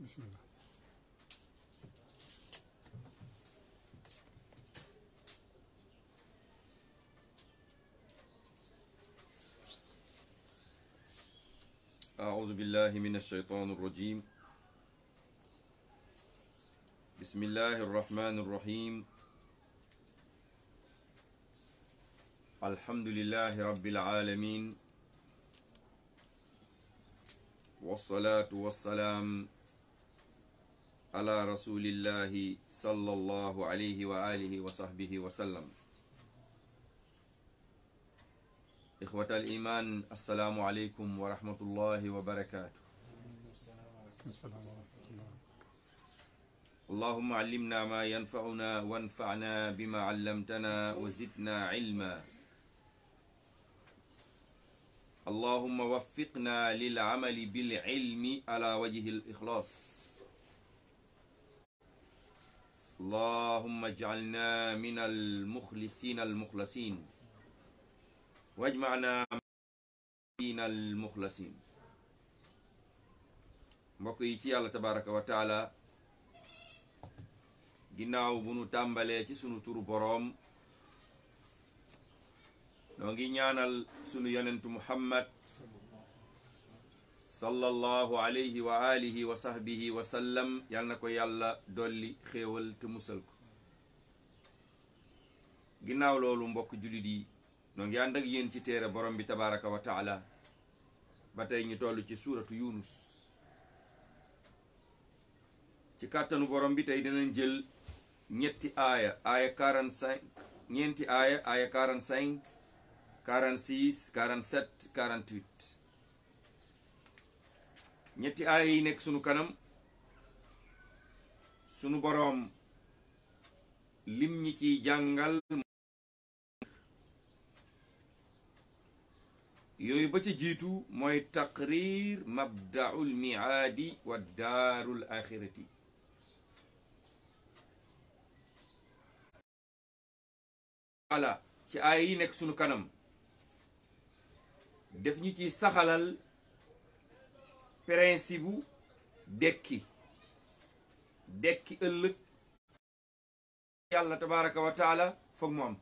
bismillah أعوذ بالله من الشيطان الرجيم بسم الله الرحمن الرحيم الحمد لله رب العالمين والصلاة والسلام ala rasulillahi sallallahu alayhi wa alihi wa sahbihi wa sallam ixwata al iman assalaamu aleykum wa rahmatullahi wa barakaatu اللهم علمنا ما ينفعنا وانفعنا بما علمتنا وزدنا علما اللهم وفقنا للعمل بالعلم على وجه الإخلاص allahuma ijcalna min almuxlisina almuxlasin wajmana min almuxlasin mbokk yi ci yàlla tabaraka wa taala ginnaaw bu nu tàmbalee ci sunu turu boroom noo ngi ñaanal sunu yonentu muhammad sallallahu alayhi wa alihi wa sahbihi wa sallam na ko yàlla dolli xéewal te musal ko ginnaaw loolu mbokk jullit yi noo ngi ànd ak yéen ci téere borom bi tabaraka wa ba tey ñu toll ci suuratu yunus ci kàttanu borom bi tey dinañ jël ñetti aaya aaya 45 ñeenti aaya aaya 45 46 47 48 ñetti aaya yi nekk sunu kanam sunu boroom lim ñi ci jàngal yooyu ba ci jiitu mooy taqrir mabdaul miaadi wa daarul axirati ala ci aaya yi nekk sunu kanam def ñu ci saxalal principe bu dekki dekki ëllëg yàlla tabaraka wa taala mu am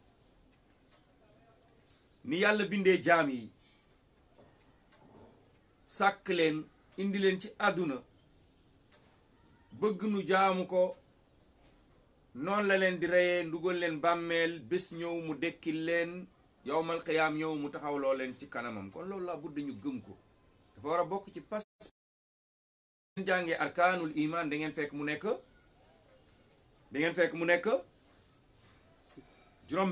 ni yàlla bindee jaam yi sàkk leen indi leen ci àdduna bëgg nu jaamu ko noon la leen di reyee ndugal leen bàmmeel bés ñëw mu dekki leen yowmal qiyaam ñëw mu taxawloo leen ci kanamam kon loolu laa budde ñu gëm ko dafa war a bokk ci pas ngeen jàngee arkaanul iman da ngeen fekk mu nekk da fekk mu nekk juróom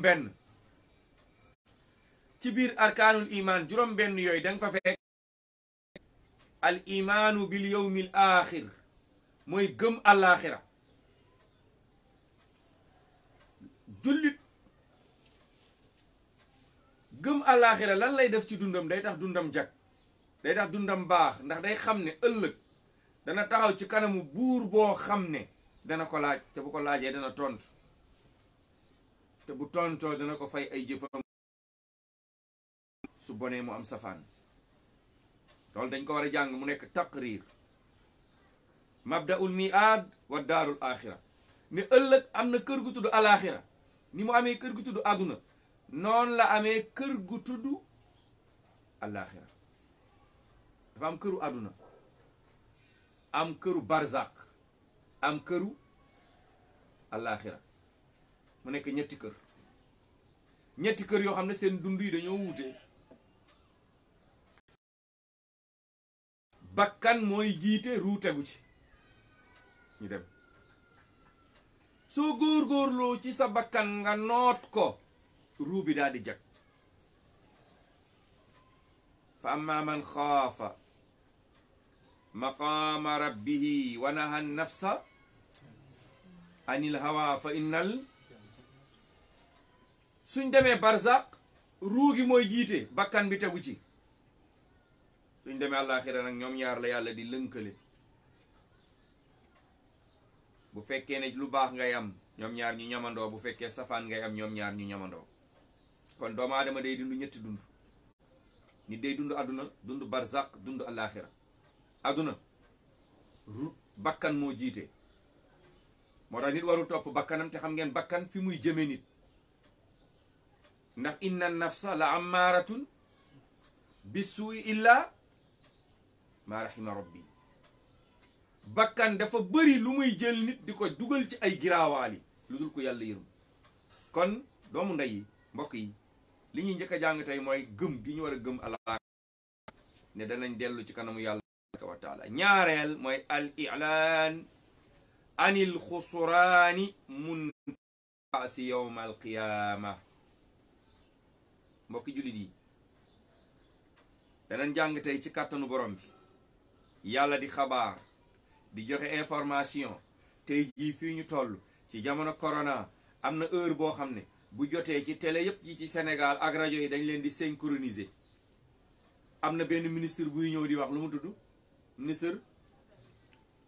biir arkaanul iman yooyu da nga fa fekk al imaanu gëm àllaaxira jullit gëm àllaaxira lan lay def ci dundam day tax dundam jag day tax dundam baax ndax day xam ne ëllëg dana taxaw ci kanamu buur boo xam ne dana ko laaj te bu ko laajee dana tontu te bu tontoo dana ko fay ay jëfam su bonee mu am safaan loolu dañ ko war a jàng mu nekk taqrir mabdaul miaad wa daarul axira ne ëllëg am na kër gu tudd alaxira ni mu amee kër gu tudd àdduna noonu la amee kër gu tudd alaxira dafa am këru àdduna am këru barzaq am këru alaaxira mu nekk ñetti kër ñetti kër yoo xam ne seen dund yi dañoo wuute bakkan mooy jiite ruu tegu ci ñu dem soo góorgóorloo ci sa bakkan nga noot ko ruu bi daal di jag fa amma man xaafa maqaama rabbihi wa naha nafsa anil hawa fa innal suñ demee barzaq ruugi mooy jiite bakkan bi tegu ci suñ demee àllaaxira nag ñoom ñaar la yàlla di lënkale bu fekkee ne lu baax ngay am ñoom ñaar ñu ñamandoo bu fekkee safaan ngay am ñoom ñaar ñu ñamandoo kon doomu aadama day dund ñetti dund nit day dund àdduna dund barzaq dund àllaaxira àdduna bakkan moo jiite moo tax nit warul topp bakkanam te xam ngeen bakkan fi muy jëme nit ndax inna nafsa la amaaratun bisuui illa ma rahima rabbi bakkan dafa bari lu muy jël nit di ko dugal ci ay giraawaali lu dul ko yàlla yërëm kon doomu ndey yi mbokk yi li ñuy njëkk a jàng tey mooy gëm gi ñu war a gëm ala ne danañ dellu ci kanamu yàlla tabaraka wa taala ñaareel mooy al ilaan anil xusraani muntaasi yowma al qiyaama mbokki yi danañ jàng tey ci kàttanu boroom bi yàlla di xabaar di joxe information tey jii fii ñu toll ci jamono corona am na heure boo xam ne bu jotee ci télé yépp yi ci Sénégal ak rajo yi dañ leen di synchroniser am na benn ministre buy ñëw di wax lu mu tudd ministre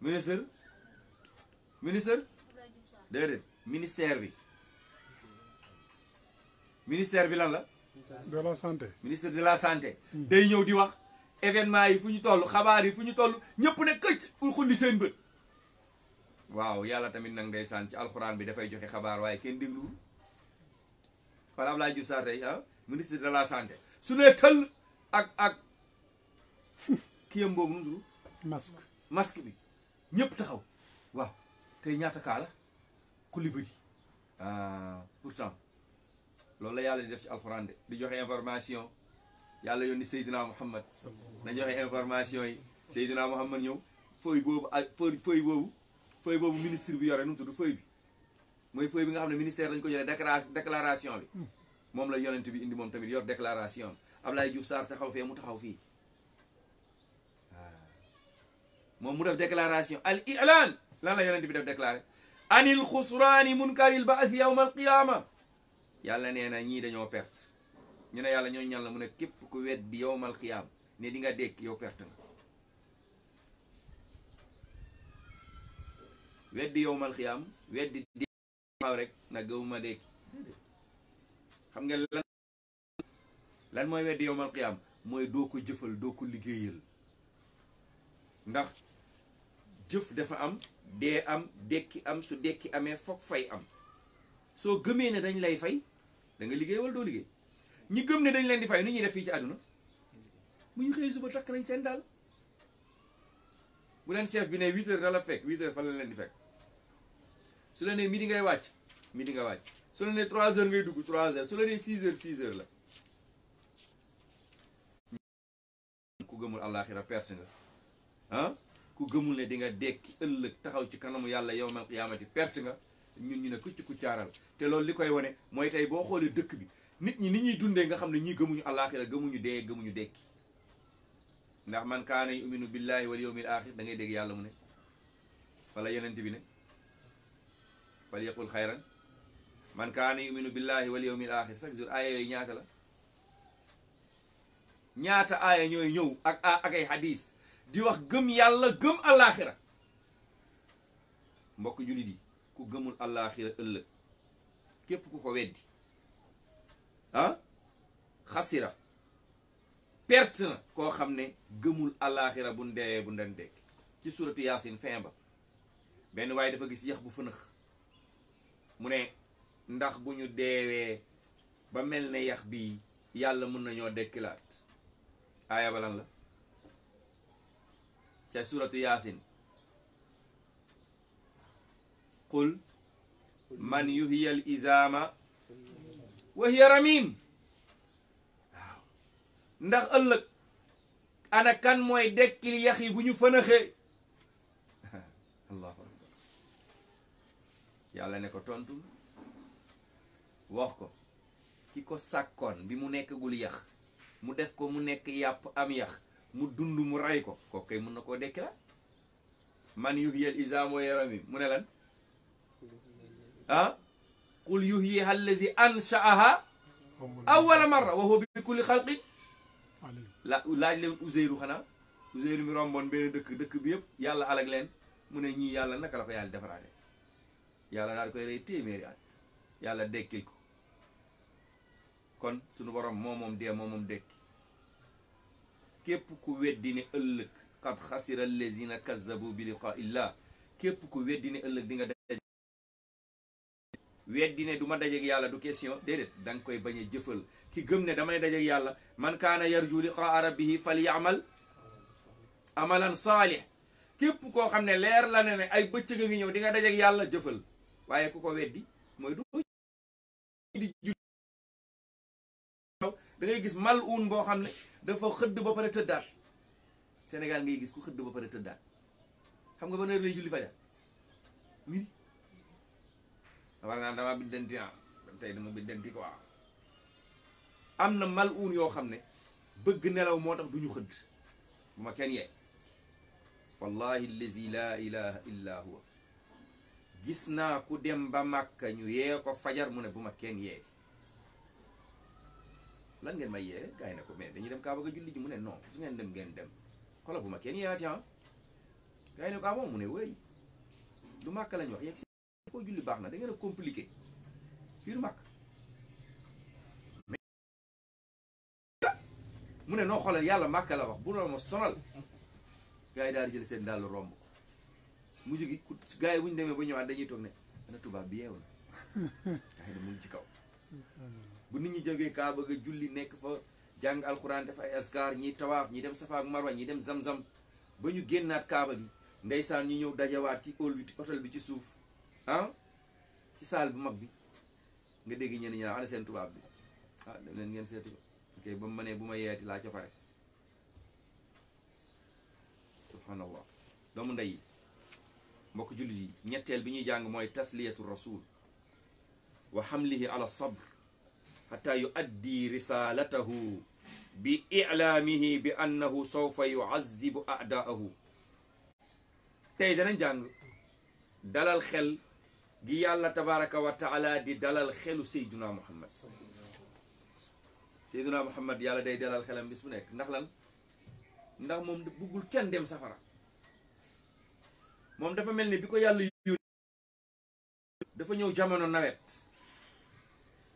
ministre ministre déedéet ministère bi ministère bi lan la. de la santé de la santé. day ñëw di wax événement yi fu ñu toll xabaar yi fu ñu toll ñëpp ne këcc pour xulli seen bët. waaw yàlla tamit nag ndeysaan ci alxuraan bi dafay joxe xabaar waaye kenn dégluwul wala Abdoulaye Diouf Sarr tey ah ministre de la santé su ne tëll ak ak kiyam boobu nu masque masque bi ñëpp taxaw waaw tey ñaata kaa la Koulibaly ah, pourtant loolu la yàlla di def ci alxuraan di joxe information yàlla yónni Seydina Muhammad na joxe information yi Seydina Muhammad ñëw feuille boobu ak ah, feuille boobu feuille boobu ministre bi yore nu mu tudd feuille bi mooy feuille bi nga xam ne ministère lañ ko joxe déclaration bi hmm. moom la yonent bi indi moom tamit yor déclaration bi Ablaye Diouf Sarr taxaw fee mu taxaw fii moom mu def déclaration al ilan lan la yonent bi def déclaré anil xusraani munkaril baas yawma al qiyaama yàlla nee na ñii dañoo perte ñu ne yàlla ñoo ñal la mu ne képp ku weddi yawmal qiyaama ne di nga dékk yow perte nga weddi yawmal qiyaama weddi di xaw rek na gëwuma dékk xam nga lan lan mooy weddi yawmal qiyaama mooy doo ko jëfal doo ko liggéeyal ndax jëf dafa am dee am dekki am su dekki amee foog fay am soo gëmee ne dañ lay fay da nga liggéey wala doo liggéey ñi gëm ne dañ leen di fay nu ñuy def fii ci àdduna bu ñu xëy suba takk nañ seen daal bu leen chef bi ne huit heures da la fekk huit heures fa la leen di fekk su la nee midi ngay wàcc midi nga wàcc su la nee trois heures ngay dugg trois heures su la nee six heures six heures la gëmul àllaaxira perte ah ku gëmul ne dinga nga dekki ëllëg taxaw ci kanamu yàlla yow man qiyaamati perte nga ñun ñu ne kucc ku caaral te loolu li koy wane mooy tey boo xoolee dëkk bi nit ñi ni ñuy dundee nga xam ne ñi gëmuñu àllaaxira gëmuñu dee gëmuñu dekki ndax man kaana yuminu billahi wal yawmil axir da ngay dégg yàlla mu ne wala yenent bi ne fal yaqul xayran man kaana yuminu billahi wal yawmil axir chaque jour aaya yooyu ñaata la ñaata aaya ñooy ñëw ak ak ay di wax gëm yàlla gëm àllaaxira mbokk jullit yi ku gëmul àllaaxira ëllëg képp ku ko weddi ah xasira perte na koo xam ne gëmul àllaaxira bu ndeewee bu nden dekk ci suratu yaasin fin ba benn waaye dafa gis yax bu fënëx mu ne ndax bu ñu deewee ba mel ne yax bii yàlla mën nañoo dekkilaat aaya ba la ca suratu yaasin qul man yuhyi al izaama wa hiya ndax ëllëg ana mooy dekkil yax yi bu ñu fënaxee allahu yàlla ne ko tontu wax ko ki ko sàkkoon bi mu nekkagul yax mu def ko mu nekk yàpp am yax mu dund mu rey ko kooku kay mën na koo dekki la man yuhyiyal izaa moo yaram yi mu ne lan ah qul yuhyiha allazi ansha'aha awwala marra wa bi kulli xalqin la laaj leen Uzeyru xanaa Uzeyru mi romboon benn dëkk dëkk bi yëpp yàlla alag leen mu ne ñii yàlla naka la ko yàlla defaraate yàlla daal koy rey téeméeri at yàlla dekkil ko kon sunu borom moo moom dee moo moom dekki képp ku weddi ne ëllëg qad xasira allazina kazzabu bi liqaa illah képp ku weddi ne ëllëg di nga daj weddi ne duma ma dajeg yàlla du question déedéet da koy bañ a jëfal ki gëm ne damay dajeg yàlla man kaana yarju liqaa rabbihi fal yaamal amalan saalih képp koo xam ne leer la ne ay bëccëg a ngi ñëw di nga dajeg yàlla jëfal waaye ku ko weddi mooy du di gis mal uun boo xam ne dafa xëdd ba pare tëddaat Sénégal ngay gis ku xëdd ba pare tëddaat xam nga ban heure lay julli fajar midi war naa dama biddanti ah tey dama biddanti quoi am na mal uun yoo xam ne bëgg nelaw moo tax duñu xëdd bu ma kenn yee wallahi allazi laa ilaha huwa gis naa ku dem ba màkka ñu yee ko fajar mu ne bu ma kenn yee lan ngeen may yee gars yi ne ko mais dañuy dem Kaaba ga julli ji mu ne non su ngeen dem ngeen dem xoolal bu ma kenn yeewaati ah gars yi ko ah mu ne wéy du lañ wax yegg baax na da ngeen a compliqué fii ne noo xoolal yàlla màkk la wax bu la ma sonal gars yi daal di jël seen dàll romb mujj gi gaa yi bu ñu demee ba ñëwaat dañuy toog ne ana tubaab bi yeewu na gars yi ne mu ngi ci kaw. bu nit ñi jógee Kaaba ga julli nekk fa jàng alxuraan def ay askar ñi tawaaf ñi dem Safa ak Marwa ñi dem Zamzam ba ñu génnaat Kaaba gi ndeysaan ñi ñëw dajawaat ci hall bi ci bi ci suuf ah ci saal bu mag bi nga dégg ñenn ñi ana seen tubaab bi ah dem leen ngeen seetu ba mu ma nee bu ma laa ca pare subhanallah doomu ndey mbokk jullit yi ñetteel bi ñuy jàng mooy tasliyatu rasul wa xamlihi ala sabr xata yuaddi risalatahu bi ilaamihi bi annahu sawfa yuazibu adaahu tey dana jàng dalal xel gi yàlla tabaraka wa taala di dalal xelu sayduna muhammad sayduna muhammad yàlla day dalal xelam bis bu nekk ndax lan ndax moom buggul kenn dem safara moom dafa mel ni bi ko yàlla yónni dafa ñëw jamono nawet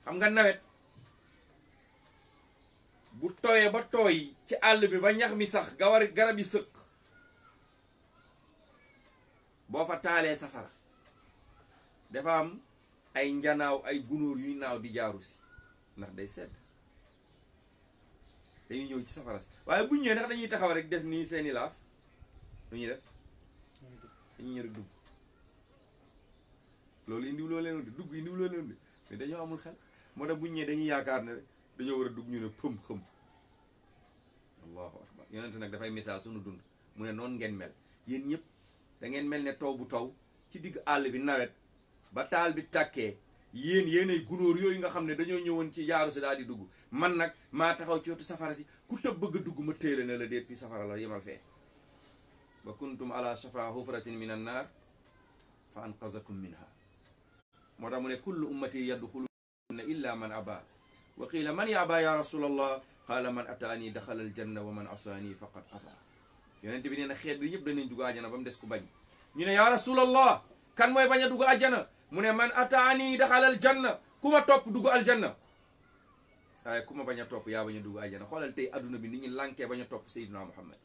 xam nga nawet bu tooyee ba tooy ci àll bi ba ñax mi sax gawar garab yi sëq boo fa taalee safara dafa am ay njanaaw ay gunóor yuy naaw di jaaru si ndax day sedd dañuy ñëw ci safara si waaye bu ñëwee ndax dañuy taxaw rek def nii seeni laaf lu ñuy def dañuy ñëw dugg loolu indiw loo leen di dugg indiw loo leen di dañoo amul xel moo tax bu ñëwee dañuy yaakaar ne rek dañoo war a dugg ñu ne pëm xëm allahu akbar yonent dafay misaal suñu dund mu ne noonu ngeen mel yéen ñëpp da ngeen mel ne taw bu taw ci digg àll bi nawet ba taal bi tàkkee yéen yéenay gunóor yooyu nga xam ne dañoo ñëwoon ci yaaru daal di dugg man maa taxaw ci wetu safara si ku bëgg dugg ma téela na la déet fi safara la yemal fee ba kuntum ala shafa hufratin min an naar fa anqazakum minha moo tax mu ne kullu ummati yadxuluna illa man aba wa qila man yaba ya rasulallah qaala man ataani daxala aljanna wa man asaani faqad aba yonente bi nee na xeet bi ñëpp danañ dugg àjjana ba mu des ku bañ ñu ne yaa rasulallah kan mooy bañ a dugg àjjana mu ne man ataani daxala aljanna ku ma topp dugg aljanna waaye ku ma bañ a topp yaa bañ a dugg aljanna xoolal tey adduna bi ni ñu lankee bañ a topp Seydina Muhammad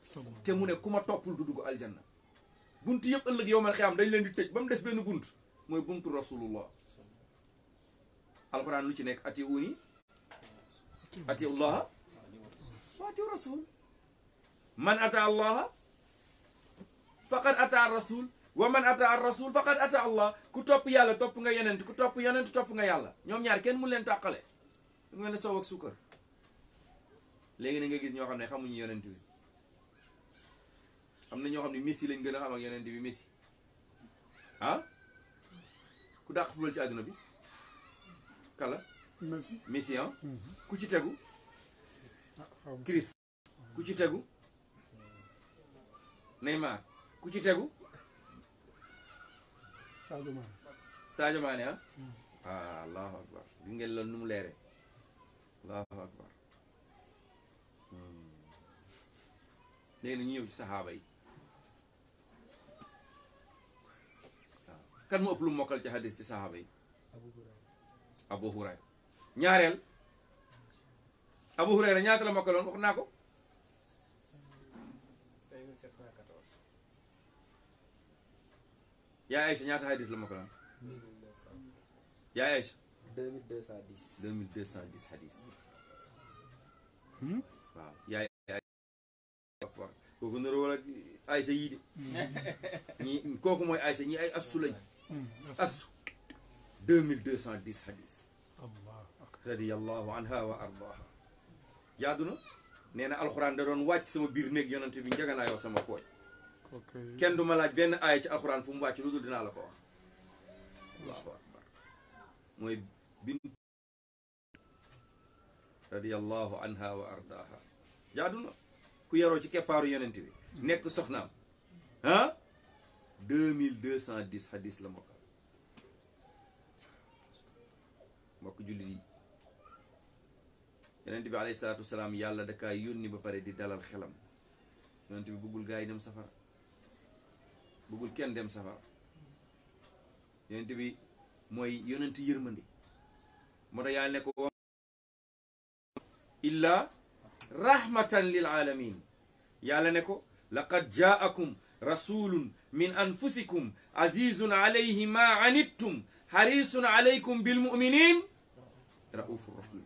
te mu ne ku ma toppul du dugg aljanna bunt yëpp ëllëg yow man xiyaam dañ leen di tëj ba mu des benn bunt mooy buntu rasulullah alquran lu ci nekk ati uuni ati man ata allaha faqad ata man ata rasul faqad ata allah ku topp yàlla topp nga yonent ku topp yonent topp nga yàlla ñoom ñaari kenn mun leen tàqale du nga ne soow ak suukar léegi na nga gis ñoo xam ne xamuñu yonent bi xam na ñoo xam ne messi lañ gën a xam ak yonent bi messi ah ku dàq football ci àdduna bi kala messi ah mhm. ku ci tegu Oh, Chris ku ci tegu Neymar ku ci tegu Sadio Mané Sadio ah? Hmm. Ah, allahu akbar gi ngeen loolu nu mu leere allahu akbar hmm. léegi ñu ñëw ci saxaaba yi waaw ah. kan mu ëpp lu mokkal ci xadis ci saxaaba yi Abu Hurayra ñaareel Abu Hurayra ñaata la mokkaloon wax naa ko. 5714. yaa Aïcha ñaata hadis la mokkaloon. 1900. yaa Aïcha. 2210. 2210 hadis. waaw yaa Aïcha. kooku nuru de. ñii hmm, anha wa ardaaha jaadu na nee na alxuraan da doon wàcc sama biir néeg yonante bi njaganaayoo sama kooñ kenn du ma laaj benn aaya ci alxuraan fu mu wàcc lu dul dinaa la ko wax allahu ku yaroo ci keppaaru yonente bi nekk soxnaam ah deux mille deux cent dix hadis la mokkal mbokk jullit yi yonent bi alayhi salaatu wasalaam yàlla da kaa yónni ba pare di dalal xelam yonent bi bëggul gaa yi dem safara bëggul kenn dem safara yonent bi mooy yonent yërmandi moo tax ne ko illa rahmatan lil alamin yàlla ne ko laqad jaakum rasulun min anfusikum azizun alayhi ma anittum xarisun alaykum bilmuminin raufur rahim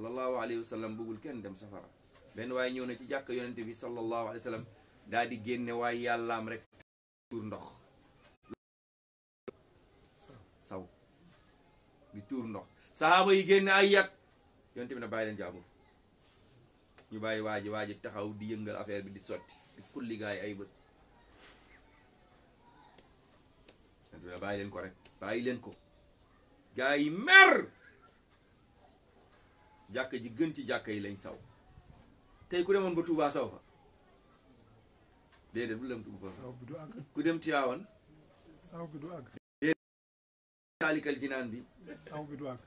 sallallahu alayhi wa sallam bëggul kenn dem safara benn waaye ñëw na ci jàkk yonente bi sallallahu alayhi wa sallam daal di génne waaye yàllaam rek ndox saw di tuur ndox saaba yi génne ay yat yonente bi na bàyyi leen jaabur ñu bàyyi waa ji waa taxaw di yëngal affaire bi di sotti di kulli gaay ay bët yonente bi na bàyyi leen ko rek bàyyi leen ko gaay yi mer jàkk ji gën ci jàkk yi lañ saw tey ku demoon ba Touba saw fa déedéet bu lem Touba ku dem Tiwaawan saw bi jinaan bi saw bi du ah.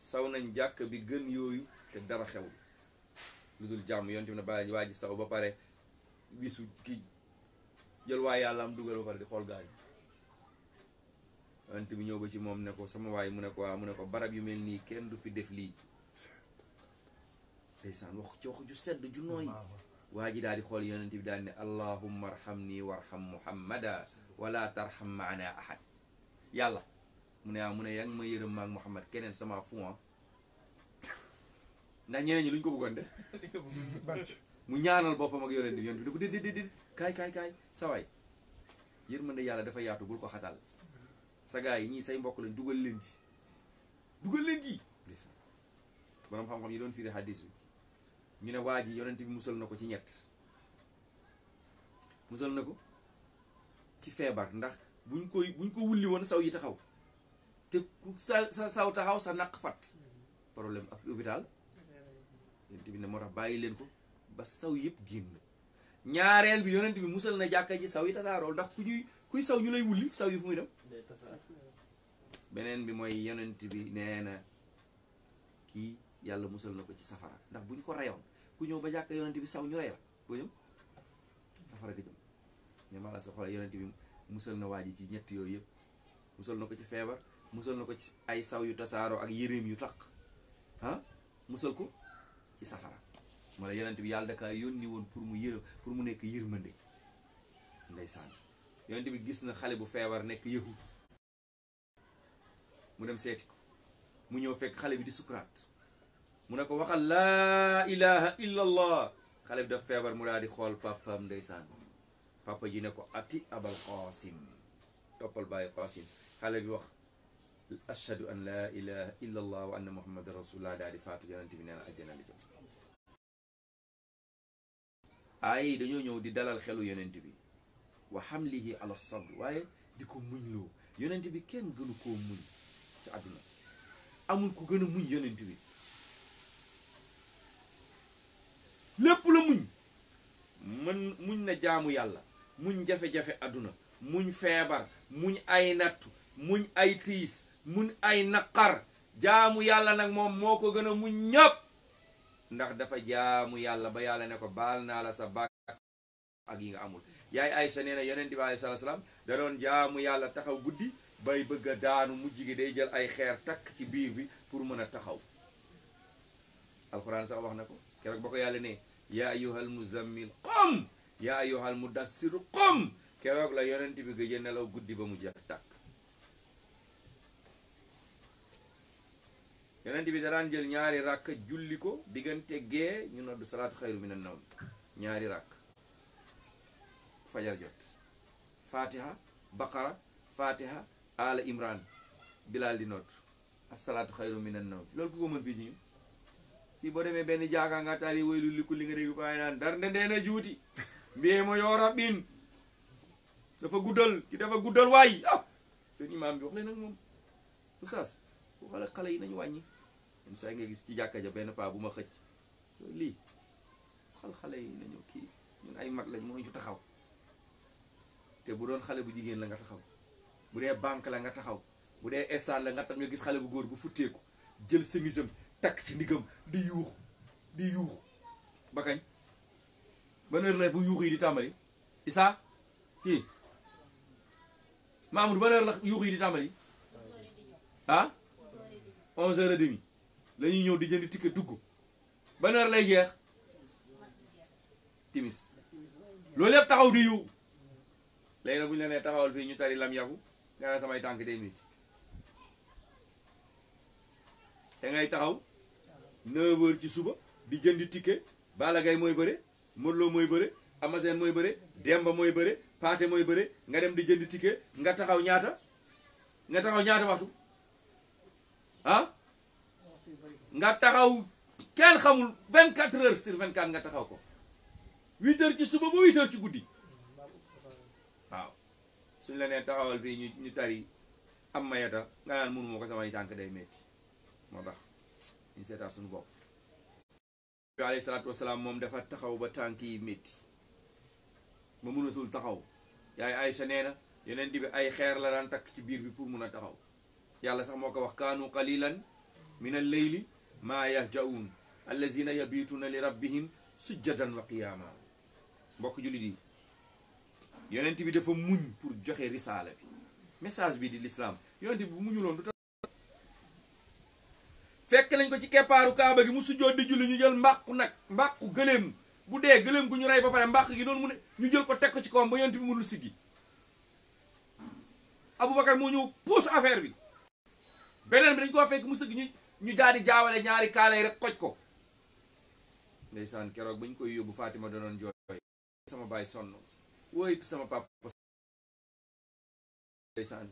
saw nañ jàkka bi gën yooyu te dara xew lu dul jàmm yoon tamit bàyyi waa ji saw ba pare wisu ki jël waa yàlla am dugal ba pare di xool gaañu ant bi ñëw ba ci moom ne ko sama waay mu ne ko waa mu ne ko barab yu mel nii kenn du fi def lii ndeysaan wax ci wax ju sedd ju nooy waa ji daal di xool yonent bi daal ne allahumma arham nii warham muhammada wala tarham maana ahad yàlla mu ne ah mu ne yaa ngi ma yërëm maag muhammad keneen sama fuan ndax ñeneen ñi lu ñu ko bëggoon de mu ñaanal boppam ak yonent bi yonent bi da ko déedéet kaay kaay kaay sawaay yërmande yàlla dafa yaatu bul ko xatal sa yi ñii say mbokk lañ dugal leen ci dugal leen ci borom xam-xam yi doon firi hadis bi ñu ne waa ji yonent bi musal na ko ci ñett musal na ko ci feebar ndax buñ koy buñ ko wulli woon saw yi taxaw te ku sa saw taxaw sa naq fat problème ak hôpital yonent bi ne moo tax bàyyi leen ko ba saw yëpp génn ñaareel bi yonent bi musal na jàkka ji saw yi tasaaroo ndax ku ñuy kuy saw ñu lay wulli saw yi fu muy dem beneen bi mooy yonent bi nee kii yàlla musal na ko ci safara ndax buñ ko reyoon ku ñëw ba jàkk yonent bi saw ñu rey la boo safara ga jëm mais mala sa musal na waa ji ci ñett yooyu yëpp musal na ko ci feebar musal na ko ci ay saw yu tasaaroo ak yëreem yu taq ah musal ko ci safara moo la yonent bi yàlla da kaa yónni woon pour mu yërëm pour mu nekk yërmande ndeysaan yonent bi gis na xale bu feebar nekk yëhu mu dem seeti mu ñëw fekk xale bi di sukuraat mu ne ko waxal laa ilaha illa allah xale bi daf feebar mu daal di xool papam ndeysaan papa ji ne ko ati abal qasim toppal bàyyi qasim xale bi wax ashhadu an laa ilaha illa allah wa anna muhammadan rasulullah daal di faatu yonent bi nee na ajjana li jëm ay dañoo ñëw di dalal xelu yonent bi wa xamlihi ala sabr waaye di ko muñ yonent bi kenn gënu koo muñ ci àdduna amul ku gën a muñ yonent bi lépp la muñ mën muñ na jaamu yàlla muñ jafe-jafe àdduna muñ feebar muñ ay nattu muñ ay tiis muñ ay naqar jaamu yàlla nag moom moo ko gën a muñ ñëpp ndax dafa jaamu yàlla ba yàlla ne ko baal naa la sa bàkk ak yi nga amul yaay ay nee na yonent bi alayhi salaam da jaamu yàlla taxaw guddi bay bëgg a daanu mujj gi day jël ay xeer takk ci biir bi pour mën a taxaw alxuraan sax wax na ko keroog ba ko yàlla ne yaa ayyuhal muzammil qum yaa ayyuhal mudassir qum keroog la yonent bi gëj a nelaw guddi ba mu jeex tàkk yonent bi da daan jël ñaari ràkk julli ko diggante gee ñu noddu salaatu xayru minan nawm ñaari ràkk fajar jot fatiha baqara fatiha ala imran bilaal di noot asalaatu xayru minan nawm loolu ku ko mën fii ci ñu fii boo demee benn jaakaa nga taari woy lu likku li nga dégg bàyyi naan dar nde ndeena juuti mbiyee yoo rabbin dafa guddal ki dafa guddal waay ah! seen imaam bi wax leen nag moom oustaz xale yi nañu wàññi yenn saa nga gis ci jàkka ja benn paa bu ma xëcc lii xal xale yi nañu kii ñun ay mag lañ mënuñu taxaw te bu doon xale bu jigéen la nga taxaw bu dee banque la nga taxaw bu dee estade la nga tax nga gis xale bu góor bu futteeku jël semisam takk ci ndigam di yuux di yuux ba kañ ban heure la bu yuux yi di tàmbali Issa kii Mamadou ban heure la yuux yi di tàmbali ah onze heures ñëw di jënd ticket dugg ban lay jeex timis loolu yëpp taxaw di yuux léegi nag bu ñu la nee taxawal fii ñu tari lam yaku nga ne samay tànk de métti da taxaw 9 ci suba di jënd ticket Balla Gaye mooy bëre Modou Lo mooy bëre Ama Sène mooy bëre Demba mooy bëre Pathé mooy bëre nga dem di jëndi ticket nga taxaw ñaata nga taxaw ñaata waxtu ah nga taxaw kenn xamul 24 heures sur 24 nga taxaw ko 8 ci suba ba 8 ci guddi. suñ la nee taxawal fii ñu ñu tari am mayata nga naan mënu moo ko samay tànk day metti moo tax ñu seetaat suñu bopp bi alayhi salaatu moom dafa taxaw ba tànk yi metti ma mënatul taxaw yaay ay nee na yeneen di bi ay xeer la daan takk ci biir bi pour mun a taxaw yàlla sax moo ko wax kaanu qalilan min al leyli maa yahjaun allazina yabituuna li rabbihim sujjadan wa qiyaama mbokk jullit yi yonent bi dafa muñ pour joxe risaala bi message bi di lislaam yonent bi bu muñuloon du tax fekk nañ ko ci keppaaru kaaba gi mu sujjoon di julli ñu jël mbaqu nag mbàqu gëléem bu dee gëléem gu ñu rey ba pare mbàq gi doon mu ne ñu jël ko teg ko ci kawam ba yonent bi mënul abu Aboubacar moo ñëw puus affaire bi beneen bi dañ koo fekk mu sëgg ñu ñu daal di jaawale ñaari kaalay rek xoj ko ndeysaan keroog bañ koy yóbbu Fatima danoon jooy sama baay sonn wooy sama papa ndeysaan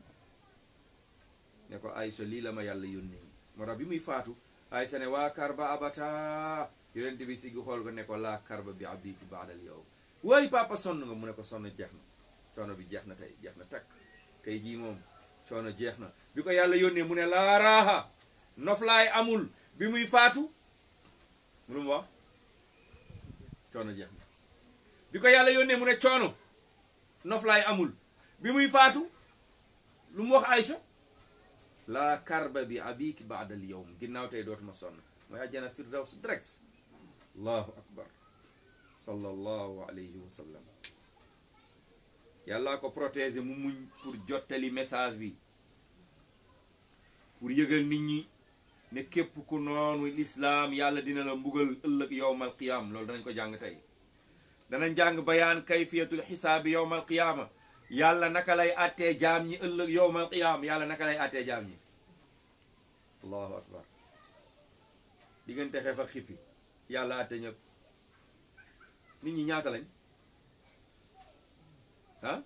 ne ko Aysa lii la ma yàlla yónnee moo tax bi muy faatu Aysa ne waa karba abata yonent bi sigi xool ko ne ko laa karba bi abiki baadal yow wooy papa sonn nga mu ne ko sonn jeex na coono bi jeex na tey jeex na takk tey jii moom coono jeex na bi ko yàlla yónnee mu ne laa raaxa noflaay amul bi muy faatu mu lu mu wax coono jeex na bi ko yàlla yónnee mu ne coono noflaay amul bi muy faatu lu mu wax Aïcha la karba bi abiki baad al yowm ginnaaw tey dootuma sonn mooy àjjana firdaws direct allahu akbar sallallahu alayhi wa sallam yàllaa ko protéger mu muñ pour jottali message bi pour yëgal nit ñi ne képp ku noonu lislaam yàlla dina la mbugal ëllëg yowmal qiyaam loolu danañ ko jàng tey danañ jàng bayaan kayfiyatul xisaabi yowmal qiyaama yàlla naka lay àttee jaam ñi ëllëg yowmal qiyaama yàlla naka lay àttee jaam ñi allahu akbar diggante xeef ak xippi yàlla àtte ñëpp nit ñi ñaata lañ ah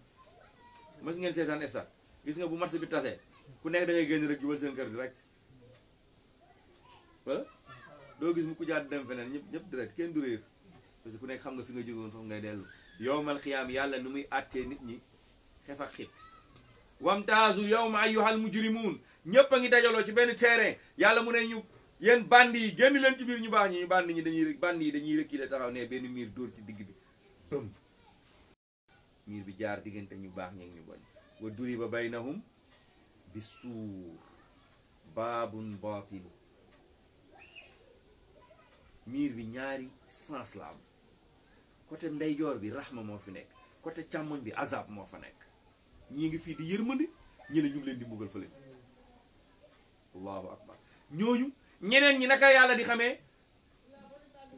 mas ngeen seetaan stade gis nga bu marché bi tasee ku nekk da ngay génn rek jubal seen kër direct wala doo gis mu ku jaat dem feneen ñëpp ñëpp direct kenn du réer parce que ku nekk xam nga fi nga jógoon foofu ngay dellu yowmal xiyaam yàlla nu muy àttee nit ñi xef ak xib wamtaazu yowma ayyuhal mujrimuun ñëpp a ngi dajaloo ci benn terrain yàlla mu ne ñu yéen bandi yi génn leen ci biir ñu baax ñi ñu bandi ñi dañuy bandi yi dañuy rëkki la taxaw ne benn miir dóor ci digg bi bëm miir bi jaar diggante ñu baax ñi ñu bon wa duriba baynahum bi suur baabun baatinu miir bi ñaari sens la côté ndeyjoor bi raxma moo fi nekk côté càmmoñ bi azab moo fa nekk ñii ngi fii di yërmande ñi ne ñu leen di mbugal fële allahu akbar ñooñu ñeneen ñi naka yàlla di xamee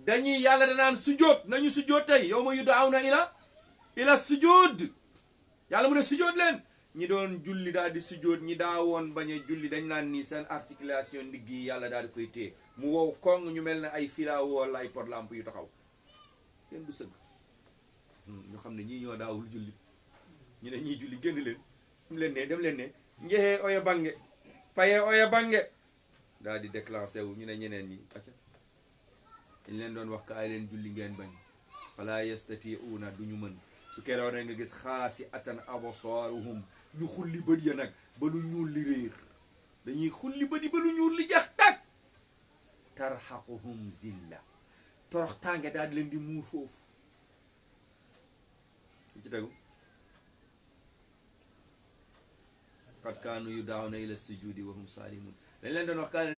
dañuy yàlla danaan sujjóot nañu sujjóot tey yow ma yu daaw na ila ila sujjóot yàlla mu ne sujjóot leen ñi doon julli daal di sujjóot ñi daawoon bañ a julli dañ naan nii seen articulation ndigg yi yàlla daal di koy téye mu wow koŋ ñu mel ni ay filaawo wala ay pot làmp yu taxaw kenn ñu xam ne ñii ñoo daawul julli ñu ne ñii julli génn leen dem leen ne dem leen ne njexee bange payee oya bange daal di déclenché wu ñu ne ñeneen ñi acca dañ leen doon wax kaay leen julli ngeen bañ fala yastatiuuna du ñu mën su keroo na nga gis xaasi atan absaaruhum ñu xulli bët ya nag ba lu ñuul li réer dañuy xulli bët yi ba lu ñuul li jax tag tarxaquhum zilla torox tànge daal leen di muur foofu li ci tegu qad kaanu yu daaw na ila sujudi wa hum saalimun dañ leen doon wax kaan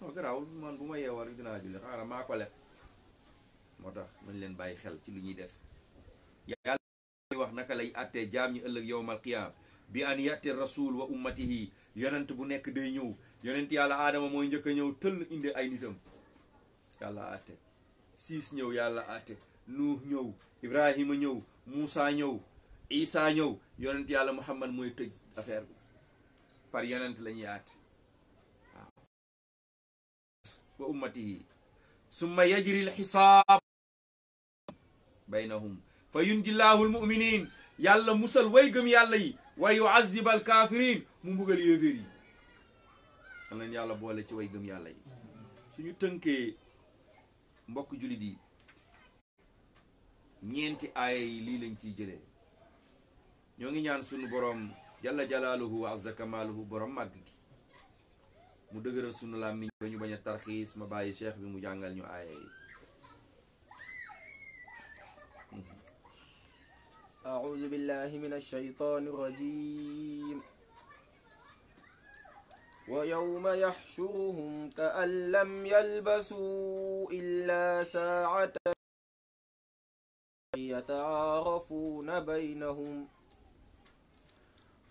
non garaawul bu ma yeewoo rek dinaa julli xaaral maa ko leb moo tax nañ leen bàyyi xel ci lu ñuy def yàlla wax naka lay àttee jaam ñi ëllëg yowmal qiyaam bi an yàtte rasul wa ummatihi yonent bu nekk day ñëw yonent yàlla aadama mooy njëkk a ñëw tëll indi ay nitam yàlla àtte siis ñëw yàlla àtte nuux ñëw ibrahima ñëw Moussa ñëw isa ñëw yonent yàlla muhammad mooy tëj affaire bi par yonent lañu yaat waaw ummatihi summa yajri lxisaab baynahum fa yunji llahu lmuminin yàlla musal way gëm yàlla yi wa yuazib alkafirin mu mbugal yéeféer yi am leen boole ci way gëm yàlla tënkee mbokk julit ñeenti aaya yi lii lañ ci jëlee ñoo ngi ñaan sunu borom jalla jalaaluhu wa azza kamaaluhu borom màgg gi mu dëgëral sunu làmmiñ ba ñu bañ tarxiis ma bàyyi cheikh bi mu jàngal ñu aaya yi أعوذ بالله من الشيطان الرجيم ويوم يحشرهم كأن لم يلبسوا إلا ساعة يتعارفون بينهم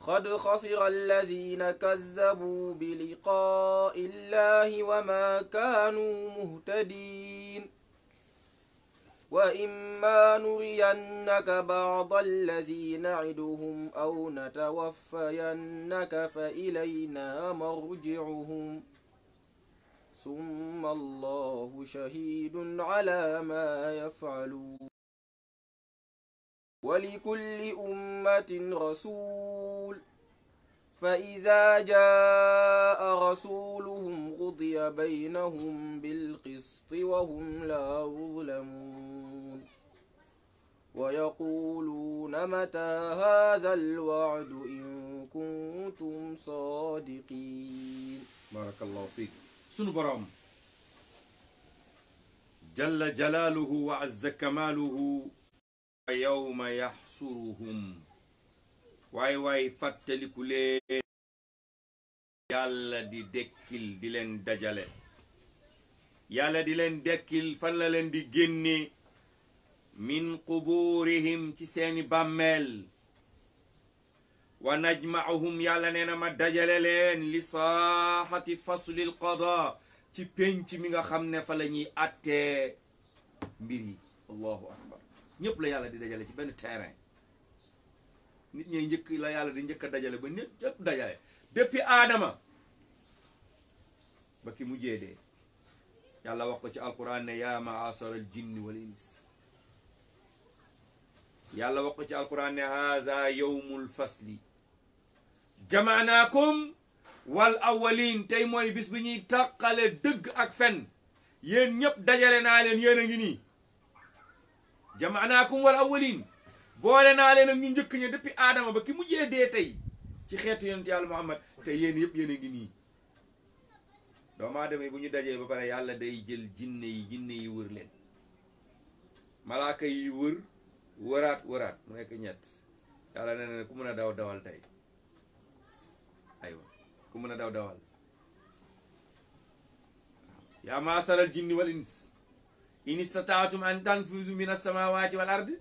قد خسر الذين كذبوا بلقاء الله وما كانوا مهتدين وإما نرينك بعض الذي نعدهم أو نتوفينك فإلينا مرجعهم ثم الله شهيد على ما يفعلون ولكل أمة رسول فإذا جاء رسولهم قضي بينهم بالقسط وهم لا يظلمون ويقولون متى هذا الوعد إن كنتم صادقين بارك الله فيك سن برام جل جلاله وعز كماله yawma yaxsuruhum waay waay fàttaliku leen yàlla di dekkil di leen dajale yàlla di leen dekkil fan la leen di génne min quburihim ci seeni bàmmeel wa najmaahum yàlla nee na ma dajale leen li saaxati faslil qada ci pénc mi nga xam ne fa lañuy ñuy mbir yi ñëpp la yàlla di dajale ci benn terrain nit ñay njëkk la yàlla di njëkk a dajale ba nit ñëpp dajale depuis aadama ba ki mujjee dee yàlla wax ko ci alquran ne yaa maasara al jinni wal ins yàlla wax ko ci alquran ne haza yawmul fasli jamaanaakum wal awalin tey mooy bis bi ñuy tàqale dëgg ak fen yéen ñëpp dajale naa leen yéen a ngi nii jamaanaakum a awwalin boole naa leen ak ñu njëkk ña depuis aadama ba ki mujjee dee tey ci xeetu yonent yàlla muhammad te yéen yëpp yéen a ngi nii doomu aadama yi bu ñu dajee ba pare yàlla day jël jinne yi jinne yi wër leen malaaka yi wër wëraat wëraat mu nekk ñett yàlla nee ku mën a daw dawal tey aywa ku mën a daw dawal yaa maasaral jinni wal in istataatum an tanfuzu min as-samawati waaye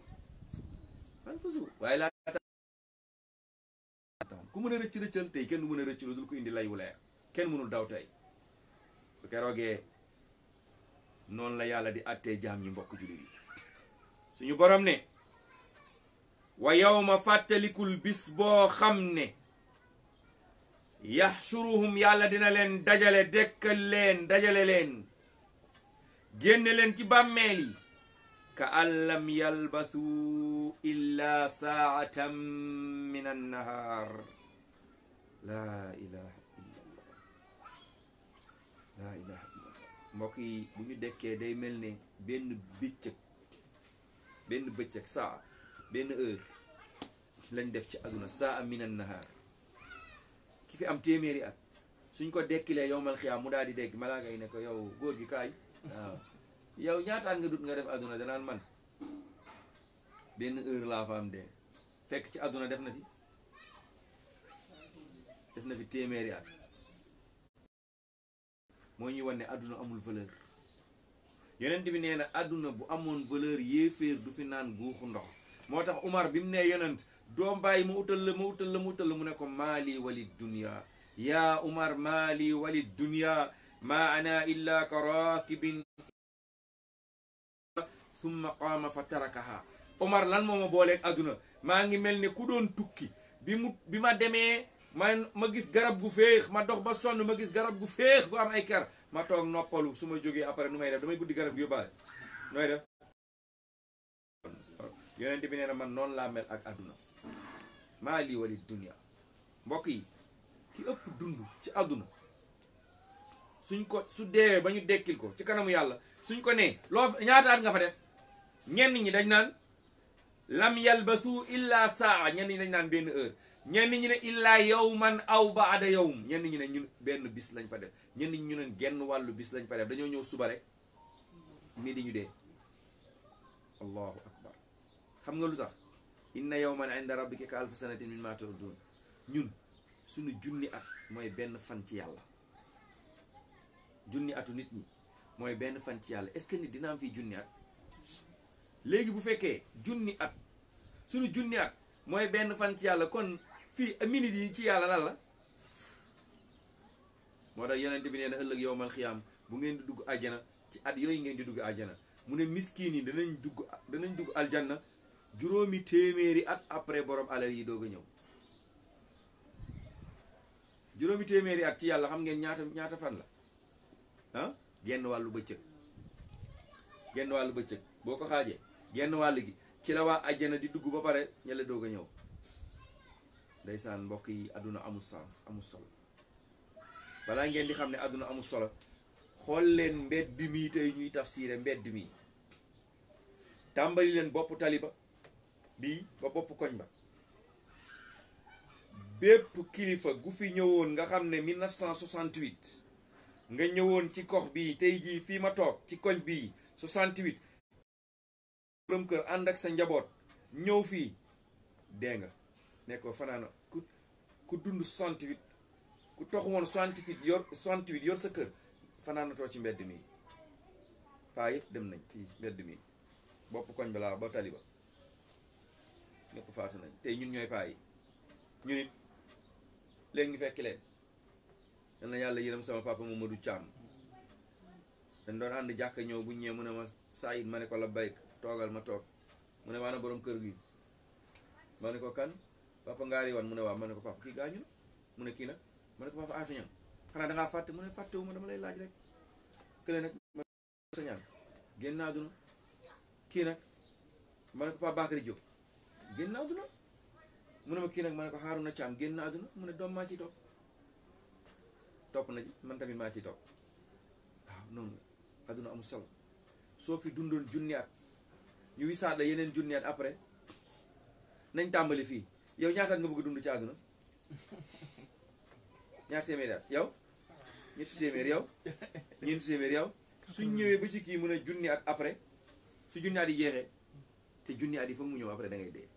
laa ku mën a rëcc rëccal tey kenn du mën a rëcc lu dul ko indi lay wu leer kenn mënul daw tey su keroogee noonu la yàlla di àttee jaam ñi mbokk jullit suñu borom ne wa yawma fàttalikul bis boo xam ne yaxshuruhum yàlla dina leen dajale dekkal leen dajale leen génne leen ci bàmmeel yi ka an lam yalbathu illa saatan min annahaar laa laa ilaha illa mbokk yi bu ñu dekkee day mel ne benn bëccëg benn bëccëg saa benn heure lañ def ci aduna saa min annahaar ki fi am téeméeri at suñ ko dekkilee yowmal xiyaam mu daal di dégg malaaka yi ne ko yow góor gi kaay waaw yow ñaataan nga dut nga def àdduna danaan man benn heure laa fa am dee fekk ci àdduna def na fi def na fi téeméeri at moo ñuy wan ne àdduna amul valeur yonent bi nee na àdduna bu amoon valeur yéeféer du fi naan guuxu ndox moo tax Umar bi mu nee yonent doom bàyyi mu utal la mu utal la mu ne ko maali wali dunia yaa Umar maali wali dunia maana illa ka rakibin qaama fa tarakaha Omar lan moo ma booleeg àdduna maa ngi mel ne ku doon tukki bi mu bi ma demee ma ma gis garab gu féex ma dox ba sonn ma gis garab gu feex gu am ay kar ma toog noppalu su ma jógee après nu may def damay buddi garab gi yóbbaale nooy def yonent bi nee man noon laa mel ak àdduna maa lii wali dunia mbokk yi ki ëpp dund ci àdduna suñ ko su dee ba ñu dekkil ko ci kanamu yàlla suñ ko nee loo ñaata at nga fa def ñenn ñi dañ naan lam su illa saa ñenn ñi dañ naan benn heure ñenn ñi ne illa yawman aw baada yawm ñenn ñi ne ñun benn bis lañ fa def ñenn ñi ñu ne genn wàllu bis lañ fa def dañoo ñëw suba rek ni di ñu dee allahu akbar xam nga lu tax inna yawman inda rabbika ka alfi sanatin mimma ta'udun ñun suñu junni at mooy benn fan ci yàlla junni atu nit ñi mooy benn fan ci yàlla est-ce que nit dina am fii junni at léegi bu fekkee junni at suñu junni at mooy benn fan ci yàlla kon fii minute yi ci yàlla lan la moo tax yonente bi nee na ëllëg yowmal xiyaam bu ngeen di dugg àjjana ci at yooyu ngeen di dugg àjjana mu ne miskiin yi danañ dugg danañ dugg aljanna juróomi téeméeri at après borom alal yi doog a ñëw juróomi téeméeri at ci yàlla xam ngeen ñaata ñaata fan la ah wàll wàllu bëccëg genn wàllu bëccëg boo ko xaajee genn wàll gi ci la waa àjjana di dugg ba pare ñale doog a ñëw ndeysaan mbokk yi àdduna amul sens amul solo balaa ngeen di xam ne àdduna amul solo xool leen mbedd mi tey ñuy tafsiire mbedd mi tàmbali leen bopp taliba bii ba bopp koñ ba bépp kilifa gu fi ñëwoon nga xam ne 1968 nga ñëwoon ci kox bi tey jii fii ma toog ci koñ bii 68 borom kër ànd ak sa njaboot ñëw fii dee nga nekkoo fanaana ku ku dund 68 ku tox woon 68 yor sa kër fanaanatoo ci mbedd mi paa yëpp dem nañ fii mbedd mi bopp koñ bi laa ba tali ba ñëpp faatu nañ tey ñun ñooy paa yi ñun it léegi leen yal na yàlla yërëm sama papa Mamadou Thiam dañ doon ànd jàkk ñëw bu ñëwee mu ne ma Saïd ma ne ko la bayk toogal ma toog mu ne maanaam borom kër gi ma ne ko kan papa ngaari wan mu ne waaw ma ne ko papa kii mu ne kii nag ma ne ko papa enseignant xanaa dangaa fàtte mu ma dama lay laaj rek kële ma enseignant génn naa duna kii nag ma ne ko papa Bakary génn naa duna mu ma kii nag ma ne ko Harouna Thiam génn naa duna mu ne doom maa ci topp topp na man tamit maa ciy topp waaw noonu la adduna amul solo soo fi dundoon junni at ñu wisaada yeneen junni at après nañ tàmbali fii yow ñaataat nga bëgg dund ci àdduna ñaar yow ñetti yow ñeenti téeméer yow suñ ñëwee ba ci kii mën a junni at après su junni at yi jeexee te junni at yi foog mu ñëw après da ngay dee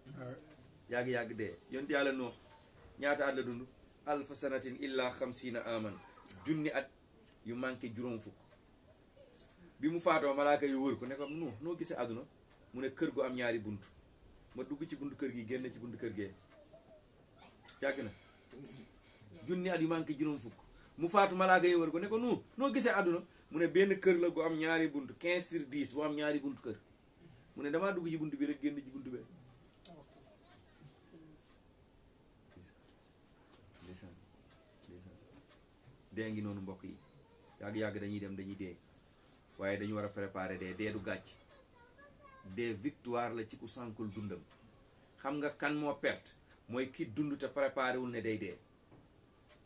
yàgg-yàgg dee yonent yàlla noox ñaata at la dund alfa sanatin illa xamsina aman junni at yu manqué juróom fukk bi mu faatoo malaaka yu wër ko nekk ko nu noo gisee àdduna mu ne kër gu am ñaari bunt ma dugg ci bunt kër gi génn ci bunt kër gee yàgg na junni at yu manqué juróom fukk mu faatu malaaka yu wër ko ne ko nu noo gisee àdduna mu ne benn kër la gu am ñaari bunt quinze sur dix bu am ñaari bunt kër mu ne damaa dugg ci bunt bi rek génn ci dee ngi noonu mbokk yi yàgg-yàgg dañuy dem dañuy dee waaye dañu war a préparer dee dee du gàcc dee victoire la ci ku sànkul dundam xam nga kan moo perte mooy kiit dund te préparé wul ne day dee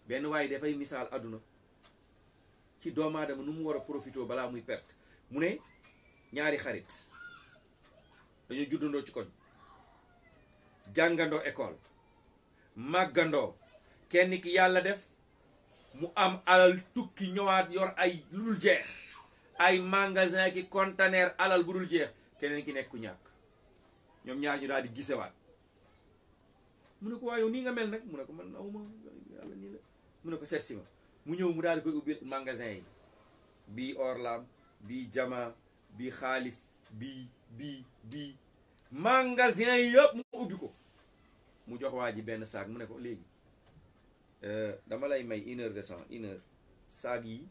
benn waaye dafay misaal àdduna ci doomu aadama nu mu war a profité balaa muy perte mu ne ñaari xarit dañu juddandoo ci koñ jàngandoo école màggandoo kenn ki yàlla def mu am alal tukki ñëwaat yor ay lu dul jeex ay magasin ki conteneur alal bu dul jeex keneen ki nekk ñàkk ñoom ñaar ñu daal di gisewaat mu ne ko waaye yow nii nga mel nag mu ne ko man awma yàlla nii la mu ne ko seet ma mu ñëw mu daal di koy ubbi magasin yi bii orlam bii jama bii xaalis bii bii bii magasin yi yëpp mu ubbi ko mu jox waa ji benn saak mu ne ko léegi Eh, dama lay may une de temps une heure saag yi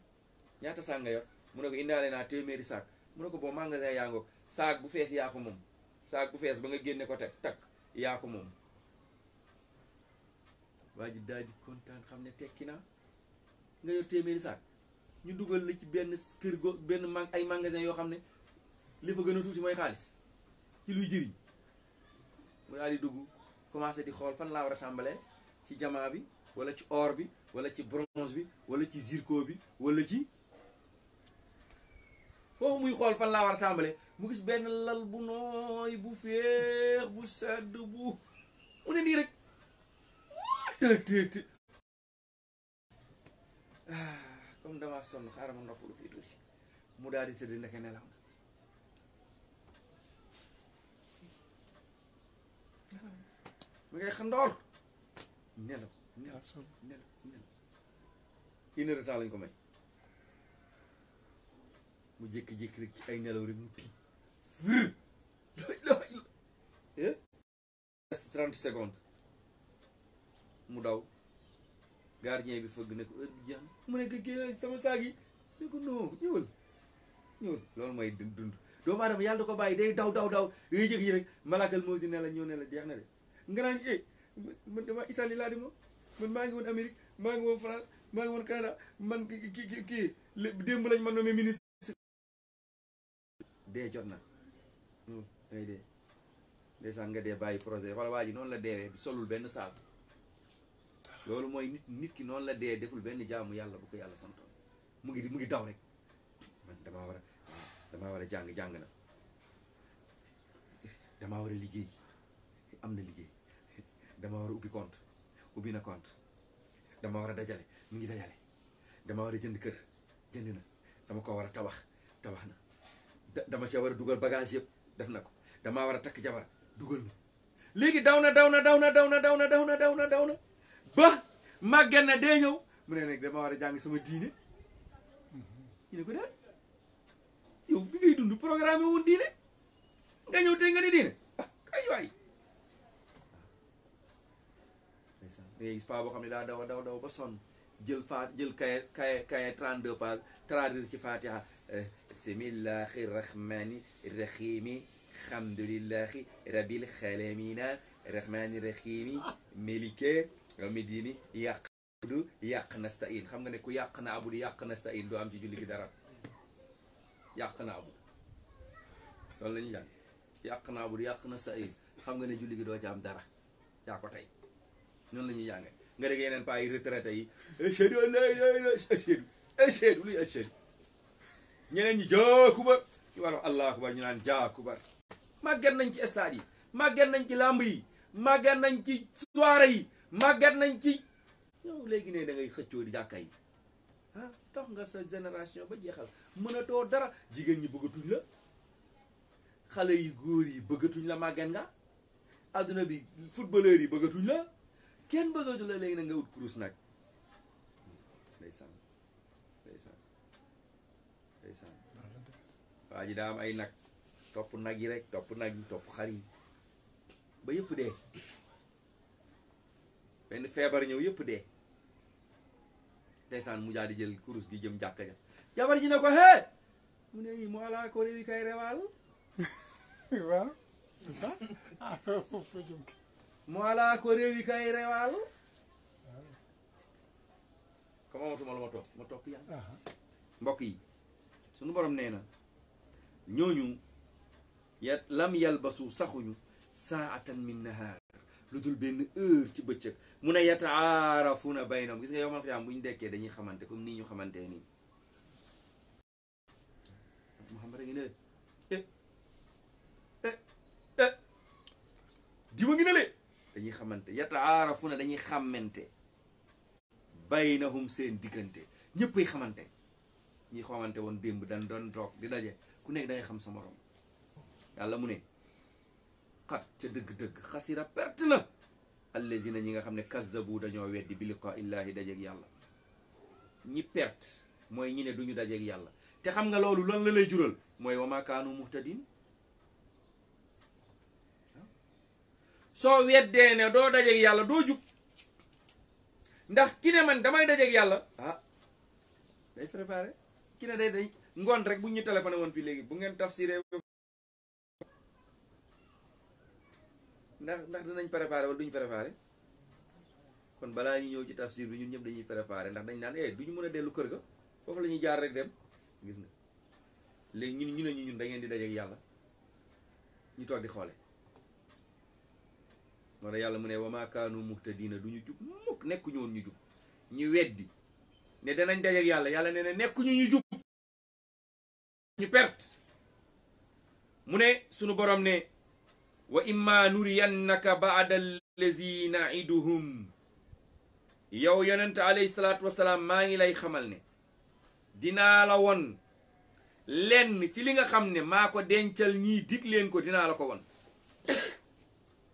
ñaata saag nga yor mu ne ko indaale naa téeméeri saag mu ne ko boo magasin yaa ngoog saag bu fees yaa ko moom saag bu fees ba nga génne ko teg takk yaa ko moom waa ji daal di kontaan xam ne tekki naa nga yor téeméeri saag ñu dugal la ci benn kër go benn man ay magasin yoo xam ne li fa gën a tuuti mooy xaalis ci luy jëriñ mu daal di dugg commencé di xool fan laa war a tàmbalee ci jamaa bi wala ci or bi wala ci bronze bi wala ci zircon bi walla ci foofu muy xool fan laa war a tàmbale mu gis benn lal bu nooy bu féex bu sedd bu mu ne nii rek ah, comme damaa sonn xaaral ma noppalu fii tuuti mu daal tëdd ndeke nelaw mu ngay xandoor nelaw nelaw nelaw nelaw une heure lañ ko may mu jékki-jékki rek ci ay nelaw rek mu tiit des mu daw gardien bi fëgg ne ko heure bi nekk kii sama saag yi ne ko non ñëwal loolu mooy dund doomu aadama yàlla ko bàyyi day daw daw daw yooyu jékki yi rek malaakal moo di ne la ñëw ne la jeex na de nga naan eh man dama Italie laa di man maa ngi woon Amérique maa ngi woon France maa Canada man ki ki démb lañ ma nommé ministre. dee jot na ngay dee ndeysaan bàyyi projet waa ji noonu la deewee solul benn saabu loolu mooy nit nit ki noonu la dee deful benn jaamu yàlla bu ko yàlla santoon mu ngi mu ngi daw rek man damaa war a damaa war a jàng jàng na damaa war a liggéey am na liggéey damaa war a ubbi compte ubbi na compte dama war a dajale mu ngi dajale dama war a jënd kër jënd na dama ko war a tabax tabax na dama cee war a dugal bagage yëpp def na ko dama war a takk jabar dugal na léegi daw na daw na daw na daw na daw na daw na daw na daw na ba màgget na dee ñëw mu ne nag dama war a jàng sama diine ñu ne ko daal yow bi ngay dund programme woon diine nga ñëw tey nga ne diine ah, ngay gis boo xam ne daa daw daw daw ba sonn jël faat jël kaye kaye kaye 32 pages traduire ci fatiha eh, bismillahi rahmani rahimi alhamdulillahi rabil xalamina rahmani rahimi melike midini yàq du yàq nastain xam nga ne ku yàq na abud yàq nastain doo am ci julli gi dara yàq na abud loolu la ñuy jàng yàq na abud yàq nastain xam nga ne julli gi doo ci am dara yaa ko tey noonu la ñuy nga dégg yeneen paa yi retraité yi achadu alaa achadu achadu luy ñeneen ñi jaakubar ñu war allah akbar ñu naan ba màggat nañ ci stade yi màggat nañ ci làmb yi màggat nañ ci soirée yi màggat nañ ci yow léegi ne dangay ngay xëccoo di jàkka yi ah nga sa génération ba jeexal mënatoo dara jigéen ñi bëggatuñ la xale yi góor yi bëggatuñ la màggat nga àdduna bi footballeur yi bëggatuñ la kenn bëggatu la léegi nga wut kurus nag ndeysaan ndeysaan waa ji daa ay nag topp nag yi rek topp nag yi topp xar yi ba yëpp dee benn feebar ñëw yëpp dee ndeysaan mu daal di jël kurus gi jëm jàkka ja jabar ji ne ko hee mu ne yi moo laa ko réewi kay rewaal mu alaa ko réewi kay rewaal comme amatuma lu ma topp ma topp yàlla ah. mbokk yi sunu borom nee na ñooñu ya lam yalbasu saxuñu saatan min nahaar lu dul benn heure ci bëccëg mun a yataarafuna baynahum gis nga yowmal xiyaam bu ñu dekkee dañuy xamante comme nii ñu xamantee nii Muhammad a ngi ne eh, eh, eh, dañuy xamante yataarafuna dañuy xàmmante baynahum seen diggante ñëppay xamante ñi xamante woon démb dañ doon toog di daje ku nekk dangay xam sa morom yàlla mu ne xat ca dëgg-dëgg xasira perte na ñi nga xam ne kazzabu dañoo weddi bi liqa illaahi dajeeg yàlla ñi perte mooy ñi ne duñu dajeeg yàlla te xam nga loolu lan la lay jural mooy wama muhtadin soo weddee ne doo dajeeg yàlla doo jub ndax ki man damay dajeeg yàlla ah day préparé ki ne day day ngoon rek bu ñu téléphoné woon fii léegi bu ngeen tafsiree ndax ndax dinañ préparé wala duñ préparé kon balaa ñu ñëw ci tafsir bi ñun ñëpp dañuy préparé ndax dañ naan eh duñu mën a dellu kër ga foofu la ñuy jaar rek dem gis nga léegi ñun ñu ne ñu ñun dangeen di dajeeg yàlla ñu toog di xoole moo yàlla mu ne wa maa kaanu muhtadiina du ñu jub mukk nekkuñu woon ñu jub ñu weddi ne danañ dajeek yàlla yàlla ne ne nekkuñu ñu jub ñu perte mu ne sunu borom ne wa imma nuriyannaka baada allazi naiduhum yow yonent alayhi salaatu wasalaam maa ngi lay xamal ne dinaa la won lenn ci li nga xam ne maa ko dencal ñii dig leen ko dinaa la ko won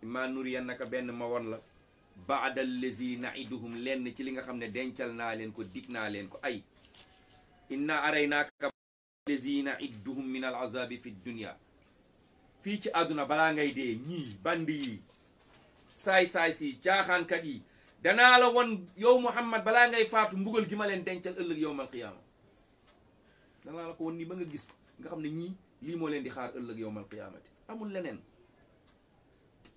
imma nuriyannaka benn ma won la baadallezi naiduhum lenn ci li nga xam ne dencal naa leen ko dig naa leen ko ay inna araynaaka lezi naiduhum min al azabi fi fii ci àdduna balaa ngay dee ñii band yi saay-saay si caaxaankat yi danaa la won yow muhammad balaa ngay faatu mbugal gi ma leen dencal ëllëg yowmal qiyaama danaa la ko won nii ba nga gis nga xam ne ñii lii moo leen di xaar ëllëg yowmal qiyaamati amul leneen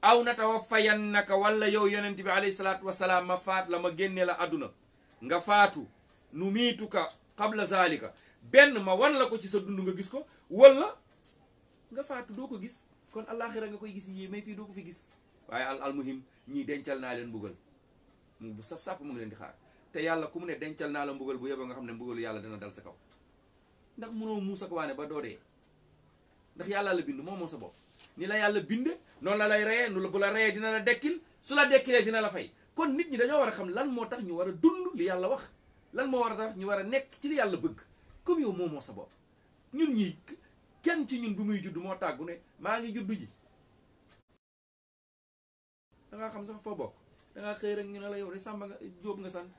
aw natawaffayannaka walla yow yonent bi alayhi salaatu ma faat la ma génne la àdduna nga faatu nu miituka xabla zalika benn ma war la ko ci sa dund nga gis ko walla nga faatu doo ko gis kon àllaaxira nga koy gis yii mais fii doo ko fi gis waaye al almuhim ñii dencal naa leen mbugal bu saf sàpp mu leen di xaar te yàlla ku mu ne dencal naa la mbugal bu yeboo nga xam ne mbugalu yàlla dana dal sa kaw ndax mënoo muus ak waane ba doo dee ndax yàlla la bind moo moom sa bopp ni la yàlla bind noonu la lay reyee nu la bu la reyee dina la dekkil su la dekkilee dina la fay kon nit ñi dañoo war a xam lan moo tax ñu war a dund li yàlla wax lan moo war a tax ñu war a nekk ci li yàlla bëgg comme yow moomoo sa bopp ñun ñi kenn ci ñun bu muy judd moo tàggu ne maa ngi juddu ji dangaa xam sax foo bokk dangaa xëy rek ñu ne la yow de sàmba nga jóob nga sant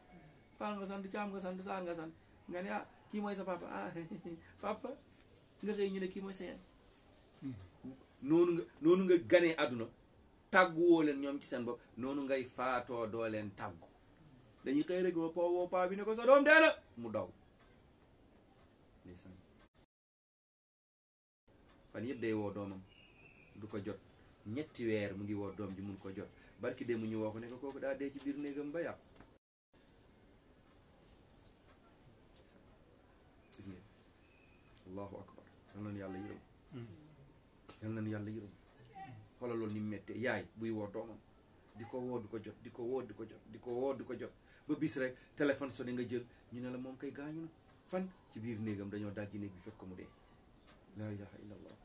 faal nga sant caam nga sant saar nga sant nga ne ah kii mooy sa papa ah papa nga noonu nga noonu nga ganee àdduna tàggu woo leen ñoom ci seen bopp noonu ngay faatoo doo leen tàggu dañuy xëy rek ma po woo paa bi ne ko sa doom dee na mu daw fan yëpp woo doomam du ko jot ñetti weer mu ngi woo doom ji mun ko jot barki de ñu woo ko ne ko kooku daa dee ci biir néegam ba yàqu allahu akbar yàlla yërëm yal nañu yàlla yërëm xoolal loolu ni mu méttee yaay buy woo doomam di ko woo di ko jot di ko woo di ko jot di ko woo di ko jot ba bis rek téléphone sonné nga jël ñu ne la moom kay gaañu na fan ci biir néegam dañoo dajji néeg bi fekk ko mu dee laa ilaha illa allah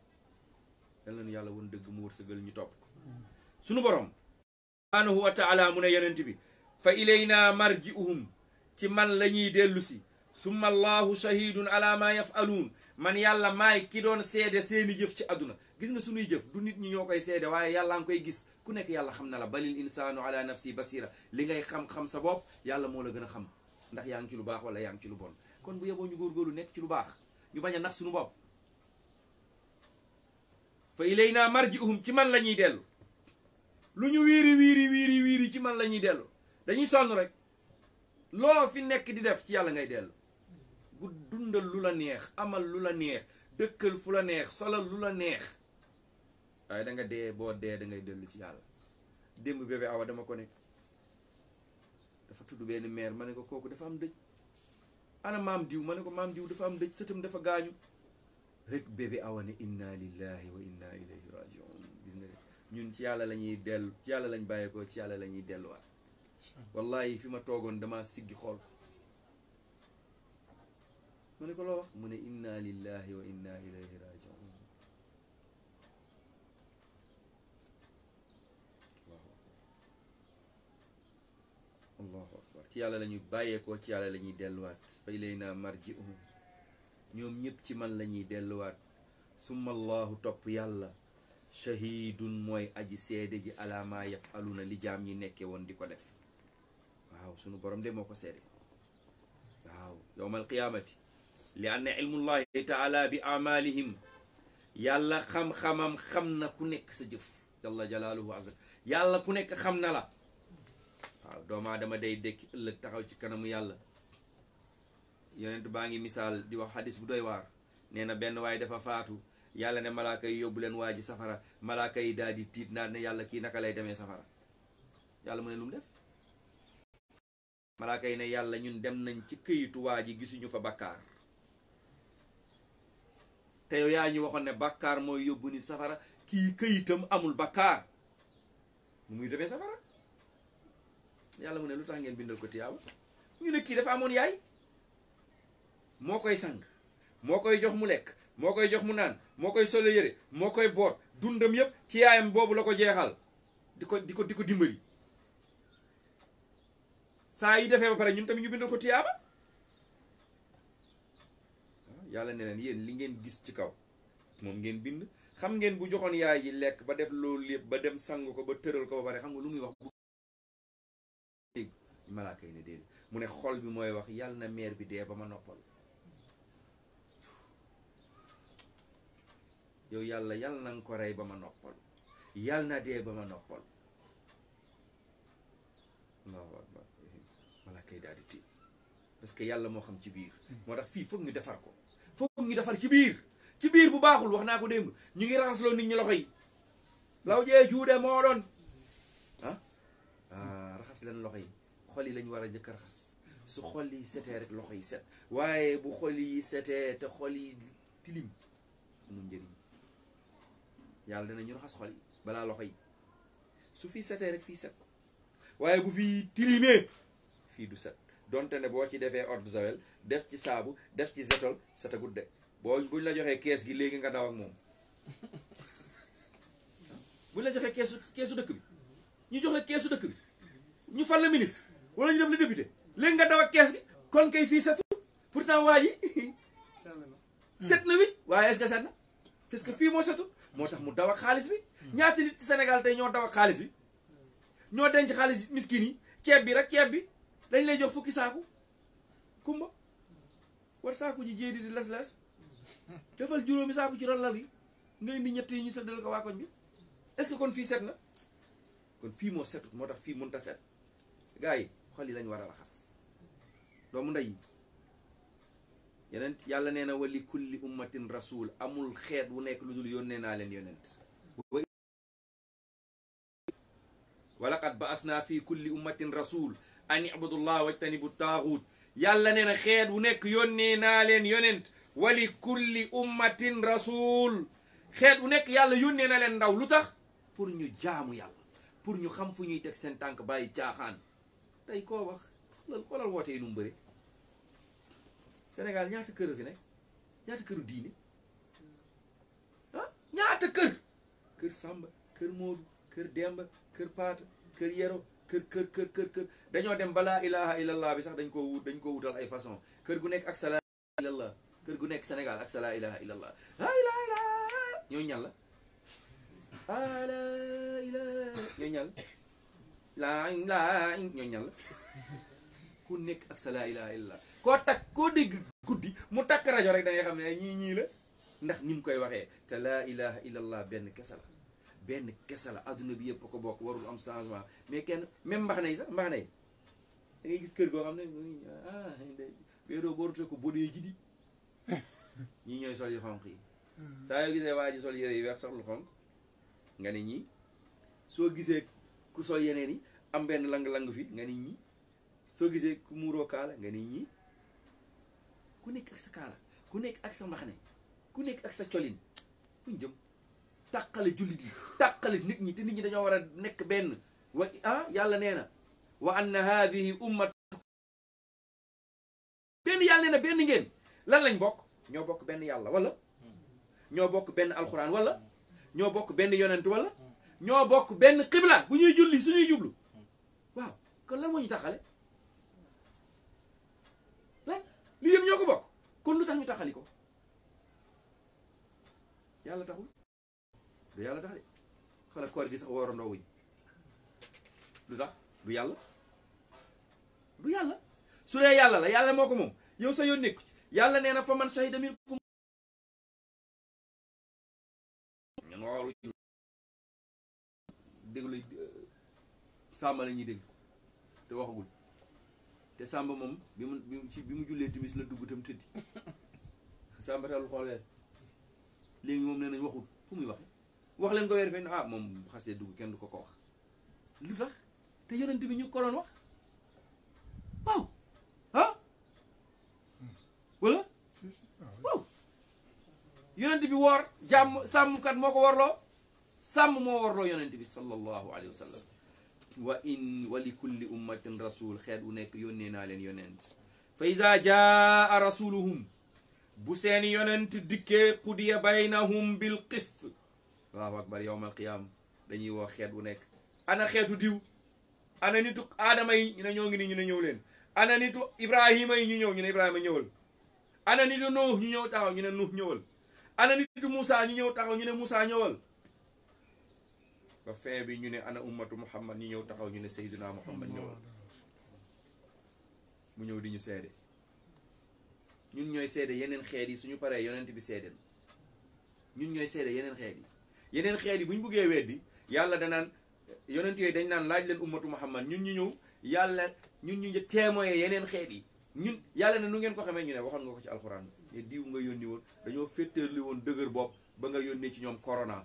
yal nañu yàlla woon dëgg mu wërsëgal ñu topp ko sunu borom subhanahu wa taala mu ne yonent bi fa ilayna marji'uhum ci man la ñuy dellu summa allahu shahidun ala ma yafaluun man yàlla maay ki doon seede seeni jëf ci àdduna gis nga suñuy jëf du nit ñi ñoo koy seede waaye yàlla nga koy gis ku nekk yàlla xam na la balil insaanu ala nafsi basira li ngay xam-xam sa bopp yàlla moo la gën a xam ndax yaa ci lu baax wala yaa ci lu bon kon bu yeboo ñu góorgóorlu nekk ci lu baax ñu baña a nax suñu bopp fa ilayna marji'uhum ci man la ñuy dellu lu ñu wiiri wiiri wiiri wiiri ci man la ñuy dellu dañuy sonn rek loo fi nekk di def ci yàlla ngay dellu dundal lu la neex amal lu la neex dëkkal fu la neex solal lu la neex waaye da dee boo dee da ngay dellu ci yàlla démb bébé awa dama ko nekk dafa tudd benn meer ma ne ko kooku dafa am dëj ana maam diw ma ne ko maam diw dafa am dëj sëtam dafa gaañu rek bébé awa ne inna lillahi wa inna ilayhi rajiun gis nga ñun ci yàlla la ñuy dellu ci yàlla lañ bàyyeekoo ci yàlla la ñuy delluwaat wallahi fi ma toogoon dama siggi xool ko mu ne ko loo wax mu ne inna lillahi wa inna ilayhi rajiun allahu akbar ci yàlla la bàyyeekoo ci yàlla la ñuy delluwaat fa ilayna marjiuhum ñoom ñëpp ci man la ñuy delluwaat suma allahu topp yàlla shahidun mooy aji seede ji alaamaa yafaluna li jaam ñi nekke woon di ko def waaw sunu borom de moo ko seede waaw yowmal qiyaamati li anna ilmullahi taala bi amalihim yàlla xam-xamam xam na ku nekk sa jëf jalla jalaaluhu azza yàlla ku nekk xam na la waaw doomu aadama day dekki ëllëg taxaw ci kanamu yàlla yonent baa ngi misaal di wax xadis bu doy waar nee na benn waaye dafa faatu yàlla ne malaaka yi yóbbu leen waa ji safara malaaka yi daal di tiit naa ne yàlla kii naka lay demee safara yàlla mu ne lu def malaaka yi ne yàlla ñun dem nañ ci këyitu waa ji gisuñu ko bakkaar te yow yaa ñu waxoon ne bàkkaar mooy yóbbu nit safara kii këyitam amul bàkkaar nu muy demee safara yàlla mu ne lu tax ngeen bindal ko tiyaaba ñu ne kii dafa amoon yaay moo koy sang moo koy jox mu lekk moo koy jox mu naan moo koy solo yére moo koy boot dundam yëpp ci yaayam boobu la ko jeexal di ko di ko di ko dimbali saa yi defee ba pare ñun tamit ñu bindal ko tiyaaba yàlla ne leen yéen li ngeen gis ci kaw moom ngeen bind xam ngeen bu joxoon yaay yi lekk ba def loolu lépp ba dem sang ko ba tëral ko ba pare xam nga lu muy wax bu dégg malaaka mu ne xol bi mooy wax yàlla na meer bi dee ba ma noppal yow yàlla yàlla na ko rey ba ma noppal yàlla ba ma noppal allahu akbar malaaka parce que yàlla moo xam ci biir moo tax fii foog ñu defar ko foog ñu defar ci biir ci biir bu baaxul wax naa ko démb ñu ngi raxasloo nit ñi loxo yi law jee moo doon ah? ah raxas leen loxo yi xol yi lañ war a njëkk raxas su xol yi setee rek loxo yi set waaye bu xol yi setee te xol yi tilim amul njëriñ yàlla na ñu raxas xol yi balaa loxo yi su fi setee rek fi set waaye bu fi tilimee fii du set donte ne boo ci defee ordre de def ci saabu def ci zetol sa de boo buñ la joxee kees gi léegi nga daw ak moom buñ la joxee keesu dëkk bi ñu jox la keesu dëkk bi ñu fal la ministre wala ñu def la député léegi nga daw ak kees gi kon kay fii setu pourtant waa ji set na wi waaye est set na parce que fii moo setu moo tax mu daw ak xaalis bi ñaata nit ci Sénégal tey ñoo daw ak xaalis bi ñoo denc xaalis miskin yi ceeb bi rek ceeb bi dañ lay jox fukki saaku kumba war saako ji jéeri di les-les defal juróomi saako ci ron lal yi nga indi ñett yi ñu séddale ko waa koñ bi est kon fii set na kon fii moo setut moo tax fii mënut a set gars yi xol yi lañ war a raxas doomu ndey yi yeneen yàlla nee na wali kulli ummatin rasul amul xeet wu nekk lu dul yónnee naa leen yonent walaqad ba'asna fi kulli ummatin rasul an ibudu llah wajtanibu taaxuut yàlla nee na xeet wu nekk yonnee naa leen yonent wali kulli ummatin rasul xeet wu nekk yàlla yónnee na leen ndaw lu tax pour ñu jaamu yàlla pour ñu xam fu ñuy teg seen tànk bàyyi caaxaan tey koo wax xoolal xoolal woote yi nu ñaata kër fi nekk ñaata këru diine ah ñaata kër kër Samba kër Modou kër Demba kër Paata kër Yero kër kër kër kër dañoo dem balaa ilaha illallah bi sax dañ koo wut dañ koo wutal ay façon kër gu nekk ak sa laa illallah kër gu nekk Sénégal ak sa laa ilaha ñoo ñal la laa ku nekk ak sa laa ilaha illallah koo takk koo dégg guddi mu takk rajo rek da xam ne ñii ñii la ndax ni mu koy waxee te laa ilaha illallah benn kese la benn kese la adduna bi yëpp ko bokk warul am changement mais kenn même mbax na yi sax mbax na yi da gis kër goo xam ne ah weeroo boorute ko bodee ji di ñii ñooy sol yu xonq yi saa yoo gisee waa sol yére yi weex sol lu xonq nga ne ñii soo gisee ku sol yeneen yi am benn lang-lang fi nga ne ñii soo gisee ku muuroo kaala nga ne ñii ku nekk ak sa kaala ku nekk ak sa mbaxane ku nekk ak sa colin fuñ jëm tàqale jullit yi tàqale nit ñi te nit ñi dañoo war a nekk benn ah, yàlla nee na wa anna haadihi ummat benn yàlla nee na benn ngeen lan lañ bokk ñoo bokk benn yàlla wala ñoo bokk benn alxuraan wala ñoo bokk benn yonent wala ñoo bokk benn xibla bu ñuy julli suñuy jublu waaw kon lan moo ñu taxale lan lii yëpp ñoo ko bokk kon lu tax ñu taxali ko yàlla taxul du yàlla tax de xanaa koor gi sax woorandoo wuñ lu tax du yàlla du yàlla su dee yàlla la yàlla moo ko moom yow sa yoon nekku yàlla nee na fa man shahida min kum ñun wooru eh, dégg te waxagul te sàmba moom bi mu bi mu jullee timis la dugg tam tëddi sàmba tal xoolee léegi moom nee nañ waxul fu muy waxee wax leen ko weer fii ah moom bu xasee dugg kenn du ko ko wax lu tax te yonent bi ñu ko wax waaw ah yonent bi woor jàmm sàmmkat moo ko warloo sàmm moo warloo yonent bi sallallahu alayhi wa wa in wa li kulli ummatin rasul xeet wu nekk yónnee naa leen yonent fa iza jaa rasuluhum bu seen yonent dikkee qudiya baynahum bil qist allahu akbar yowmal qiyaam dañuy woo xeet bu nekk ana xeetu diw ana nitu aadama yi ñu ne ñoo ngi nii ñu ne ñëw leen ana nitu ibrahima yi ñu ñëw ñu ne ibrahima ñëwal ana nitu nuux ñu ñëw taxaw ñu ne nuux ñëwal ana nitu moussa ñu ñëw taxaw ñu ne moussa ñëwal ba fin bi ñu ne ana ummatu muhammad ñu ñëw taxaw ñu ne sayduna muhammad ñëwal mu ñëw di ñu seede ñun ñooy seede yeneen xeet yi suñu paree yonent bi seede ñun ñooy seede yeneen xeet yi yeneen xeet yi bu ñu buggee bi yàlla danaan yonent yooyu dañ naan laaj leen ummatu muhammad ñun ñu ñëw yàlla ñun ñu témoin yeneen xeet yi ñun yàlla na nu ngeen ko xamee ñu ne waxoon nga ko ci alxuraan ne diw nga yónni woon dañoo fétteerli woon dëgër bopp ba nga yónnee ci ñoom corona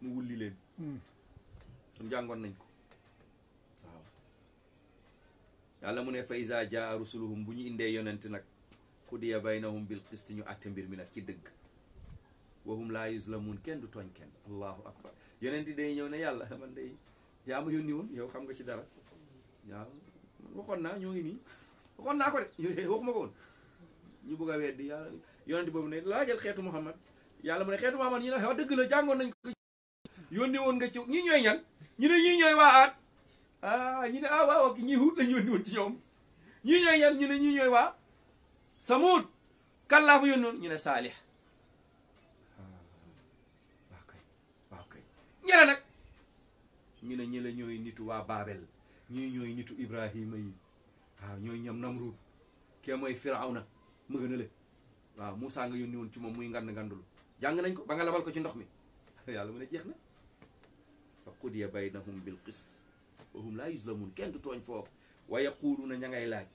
mu wulli leen hmm. kon jàngoon nañ ko waaw yàlla mu ne fa iza jaa rusuluhum bu ñu indee yonent nag xudiya baynahum bil qist ñu àtte mbir mi nag ci dëgg wahum laa yuzlamun kenn du tooñ kenn allahu akbar yeneen di day ñëw ne yàlla man day yaa ma yónni woon yow xam nga ci dara waaw waxoon naa ñoo ngi nii naa ko de waxuma ko woon ñu bëgg a weddi yàlla yonent ne laajal xeetu Muhammad yàlla mu ne xeetu Muhammad ñu ne wax dëgg la jàngoon nañ ko yónni woon nga ci ñi ñooy ñan ñu ne ñii ñooy waa aat ah ñu ne ah waaw ak ñii hut lañ yónni woon ci ñoom ñii ñooy ñan ñu ne ñii ñooy waa samuud kan laa fa yónni woon ñu ne saalih ñene nag ñu ne ñi la ñooy nitu waa Babel ñii ñooy nitu Ibrahima yi waaw ñooy ñam Namrud kee mooy Firawna mu gën a le waaw Moussa nga yónni woon ci moom muy ngand ngandul jàng nañ ko ba nga labal ko ci ndox mi yàlla mu ne jeex na fa qudiya baynahum bil qist wa hum kenn du tooñ foofu waaye wa na ña ngay laaj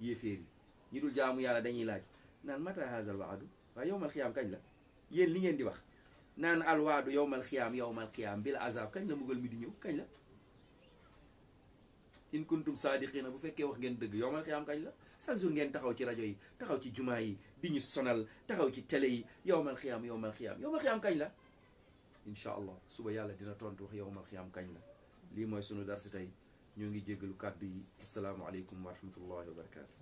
yéeféer yi ñi dul jaamu yàlla dañuy laaj naan mata hazal waadu waaye yowmal xiyaam kañ la yéen li ngeen di wax naan alwaadu yowmal xiyaam yowmal xiyaam bil azab kañ la mbugal mi di ñëw kañ la in kuntum saadiqina bu fekkee wax ngeen dëgg yowmal xiyaam kañ la chaque jour ngeen taxaw ci rajo yi taxaw ci jumaa yi di ñu sonal taxaw ci télé yi yowmal xiyaam yowmal xiyaam yowmal xiyaam kañ la incha allah suba yàlla dina tontu wax yowmal xiyaam kañ la lii mooy sunu dar tey ñoo ngi jéggalu kàddu yi asalaamaaleykum wa rahmatullahi wa barakaatu